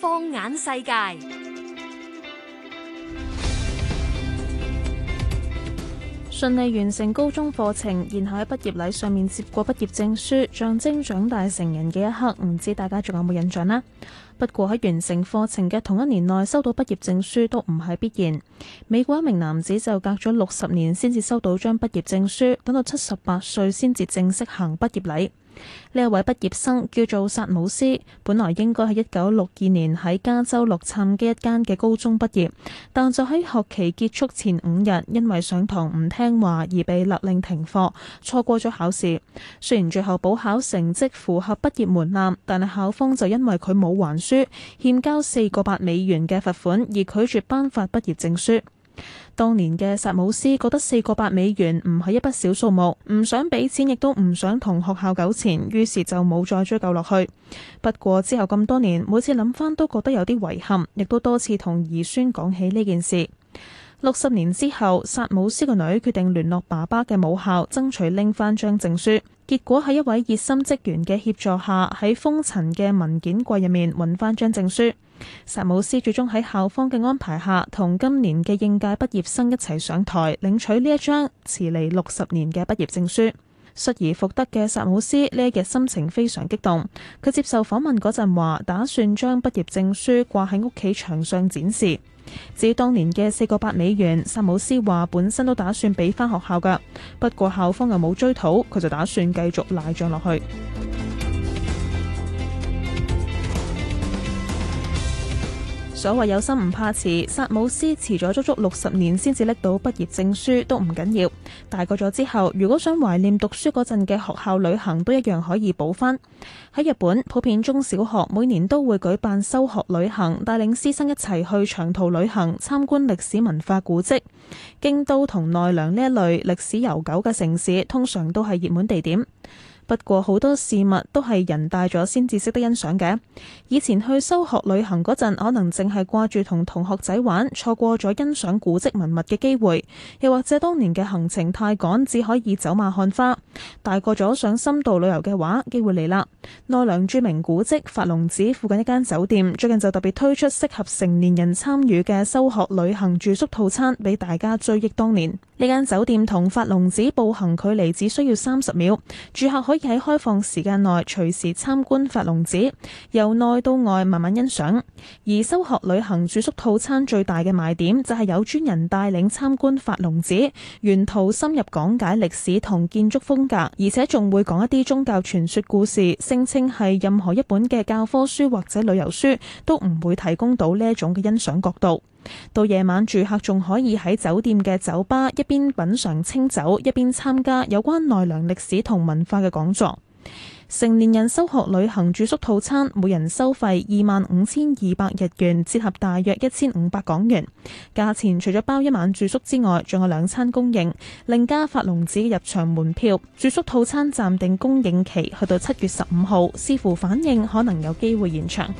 放眼世界，順利完成高中課程，然後喺畢業禮上面接過畢業證書，象徵長大成人嘅一刻。唔知大家仲有冇印象呢？不過喺完成課程嘅同一年內收到畢業證書都唔係必然。美國一名男子就隔咗六十年先至收到張畢業證書，等到七十八歲先至正式行畢業禮。呢一位畢業生叫做薩姆斯，本來應該喺一九六二年喺加州洛杉磯一間嘅高中畢業，但就喺學期結束前五日，因為上堂唔聽話而被勒令停課，錯過咗考試。雖然最後補考成績符合畢業門檻，但係校方就因為佢冇還書，欠交四個八美元嘅罰款，而拒絕頒發畢業證書。當年嘅薩姆斯覺得四個八美元唔係一筆小數目，唔想俾錢，亦都唔想同學校糾纏，於是就冇再追究落去。不過之後咁多年，每次諗返都覺得有啲遺憾，亦都多次同兒孫講起呢件事。六十年之後，薩姆斯個女決定聯絡爸爸嘅母校，爭取拎翻張證書。結果喺一位熱心職員嘅協助下，喺封塵嘅文件櫃入面揾翻張證書。薩姆斯最終喺校方嘅安排下，同今年嘅應屆畢業生一齊上台領取呢一張遲嚟六十年嘅畢業證書。失而復得嘅薩姆斯呢一日心情非常激動，佢接受訪問嗰陣話，打算將畢業證書掛喺屋企牆上展示。至於當年嘅四個八美元，薩姆斯話本身都打算俾翻學校㗎，不過校方又冇追討，佢就打算繼續賴帳落去。所謂有心唔怕遲，薩姆斯遲咗足足六十年先至拎到畢業證書都唔緊要。大個咗之後，如果想懷念讀書嗰陣嘅學校旅行，都一樣可以補返。喺日本，普遍中小學每年都會舉辦修學旅行，帶領師生一齊去長途旅行，參觀歷史文化古蹟。京都同奈良呢一類歷史悠久嘅城市，通常都係熱門地點。不過好多事物都係人大咗先至識得欣賞嘅。以前去修學旅行嗰陣，可能淨係掛住同同學仔玩，錯過咗欣賞古蹟文物嘅機會。又或者當年嘅行程太趕，只可以走馬看花。大個咗想深度旅遊嘅話，機會嚟啦！奈良著名古蹟法隆寺附近一間酒店，最近就特別推出適合成年人參與嘅修學旅行住宿套餐俾大家追憶當年。呢間酒店同法隆寺步行距離只需要三十秒，住客可以。喺開放時間內隨時參觀法隆寺，由內到外慢慢欣賞。而修學旅行住宿套餐最大嘅賣點就係有專人帶領參觀法隆寺，沿途深入講解歷史同建築風格，而且仲會講一啲宗教傳說故事，聲稱係任何一本嘅教科書或者旅遊書都唔會提供到呢種嘅欣賞角度。到夜晚，住客仲可以喺酒店嘅酒吧一邊品嘗清酒，一邊參加有關奈良歷史同文化嘅講座。成年人修學旅行住宿套餐，每人收費二萬五千二百日元，折合大約一千五百港元。價錢除咗包一晚住宿之外，仲有兩餐供應，另加法隆寺嘅入場門票。住宿套餐暫定供應期去到七月十五號，視乎反應可能有機會延長。